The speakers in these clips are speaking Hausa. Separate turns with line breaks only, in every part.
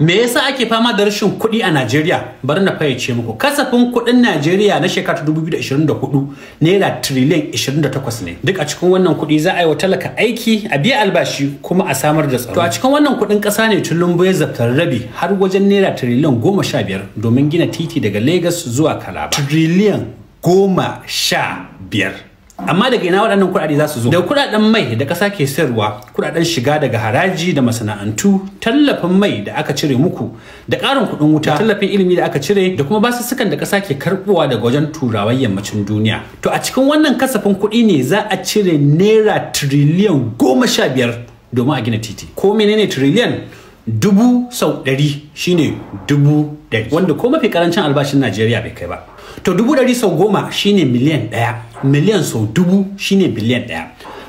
Me yasa ake fama da rashin kuɗi a Najeriya? Bari na fayyace muku. Kasafin kuɗin Najeriya na shekara 2024 naira trillion 28 ne. Duk a cikin wannan kuɗi za a yi wa talaka aiki, a biya albashi kuma a samar da tsaro. To a cikin wannan kuɗin ƙasa ne Tulumbu ya zaftar rabi har wajen naira trillion 15 domin gina titi daga Lagos zuwa Calabar. Trillion 15. amma daga ina waɗannan kuɗaɗe za su zo da kuɗaɗen mai da ƙasa ke sayarwa kuɗaɗen shiga daga haraji da masana'antu tallafin mai da aka cire muku da ƙarin kuɗin wuta tallafin ilimi da aka cire da kuma basussukan da ƙasa ke karɓuwa daga wajen turawan yammacin duniya to a cikin wannan kasafin kuɗi ne za a cire naira tiriliyan goma sha biyar domin a gina titi ko menene tiriliyan dubu sau ɗari shine dubu ɗari wanda ko mafi ƙarancin albashin najeriya bai kai ba to dubu ɗari sau goma shine miliyan ɗaya miliyan sau dubu shine biliyan ɗaya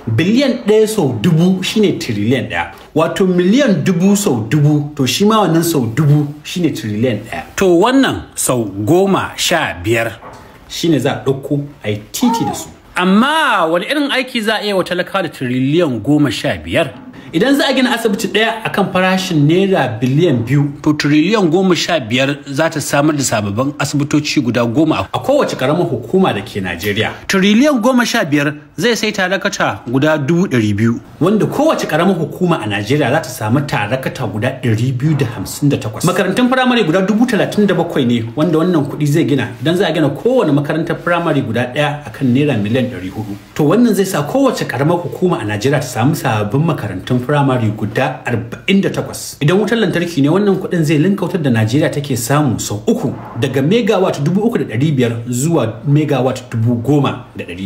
biliyan ɗaya sau dubu shine tiriliyan ɗaya wato miliyan dubu sau dubu to shi ma wannan sau dubu shine tiriliyan ɗaya to wannan sau goma sha biyar shine za a ɗauko a yi titi da su amma wani irin aiki za a iya wa talaka da tiriliyan goma sha biyar idan za a gina asibiti ɗaya akan farashin naira biliyan biyu to tiriliyan goma sha biyar za ta samar da sababbin asibitoci guda goma a kowace karamar hukuma da ke najeriya tiriliyan goma sha biyar zai sai tarakata guda dubu ɗari biyu wanda kowace karamar hukuma a najeriya za ta samu tarakata guda ɗari biyu da hamsin da takwas makarantun firamare guda dubu talatin da bakwai ne wanda wannan kuɗi zai gina idan za a gina kowane makarantar firamare guda ɗaya akan naira miliyan ɗari hudu to wannan zai sa kowace karamar hukuma a najeriya ta samu sababbin makarantun firamare guda 48 idan wutar lantarki ne wannan kuɗin zai linkautar da najeriya take samu sau uku daga megawatt biyar zuwa megawatt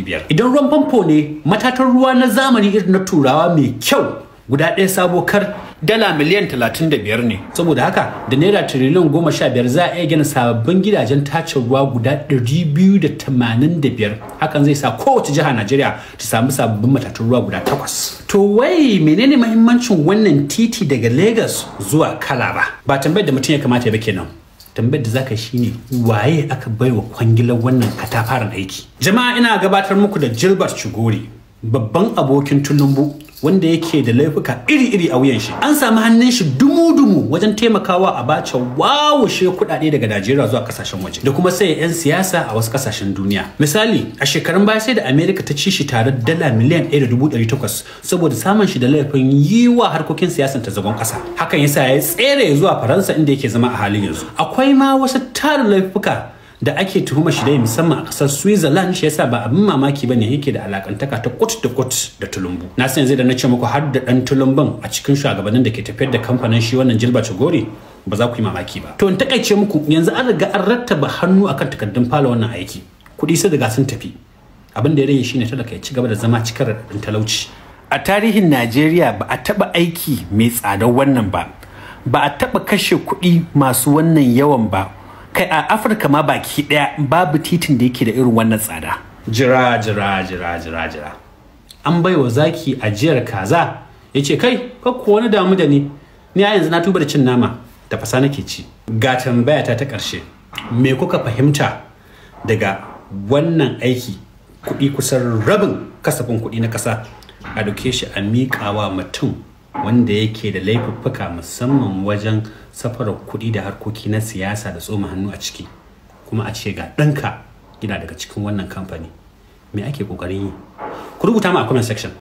biyar. idan ruwan famfo ne matatan ruwa na zamani irin na turawa mai kyau guda ɗaya sabo kar dala miliyan 35 ne saboda haka da naira tiriliyan biyar za a iya gina sababbin gidajen tace ruwa guda 285 hakan zai sa kowace jiha Najeriya ta samu sababbin matatun ruwa guda takwas to wai menene mahimmancin wannan titi daga Lagos zuwa Kalaba ba tambayar da mutum ya kamata ya ba kenan tambayar da zaka shine waye aka bai wa kwangilar wannan katafaren aiki jama'a ina gabatar muku da Gilbert Chigori babban abokin tulumbu wanda yake da laifuka iri-iri a wuyan shi an samu hannun shi dumu-dumu wajen taimakawa a bace wawushe kudade daga Najeriya zuwa kasashen waje da kuma sai 'yan siyasa a wasu kasashen duniya misali a shekarun baya sai da Amerika ta ci shi tare da dala miliyan 1.800 saboda samun shi da laifin yi wa harkokin siyasar ta zagon kasa. hakan yasa ya tsere zuwa Faransa inda yake zama a halin yanzu akwai ma wasu tarin laifuka da ake tuhuma shi dai musamman a kasar Switzerland shi yasa ba abin mamaki bane yake da alakantaka ta kut da kut da Tulumbu na san yanzu da na ce muku har da dan tulumbun, a cikin shugabannin da ke tafiyar da kamfanin shi wannan Jilba gore ba za ku yi mamaki ba to in takaice muku yanzu an riga an rattaba hannu akan takardun fara wannan aiki kuɗi sai daga sun tafi abin da ya rage shine talaka ya ci gaba da zama cikar raɗaɗin talauci a tarihin Najeriya ba a taba aiki mai tsadar wannan ba ba a taba kashe kuɗi masu wannan yawan ba kai a afirka ma baki daya babu titin da yake da irin wannan tsada jira jira jira jira jira an bai wa zaki ajiyar kaza ya ce kai kakko wani damu da ni ni a yanzu na tuba da cin nama da fasa nake ci ga tambaya ta ta ƙarshe me kuka fahimta daga wannan aiki kuɗi kusan rabin kasafin kuɗi na ƙasa a doke shi a miƙawa mutum wanda yake da laifuffuka musamman wajen safarar kuɗi da harkoki na siyasa da tsoma hannu a ciki kuma a ce ga ɗanka gina daga cikin wannan kamfani me ake ƙoƙarin yi ku rubuta mu a comment section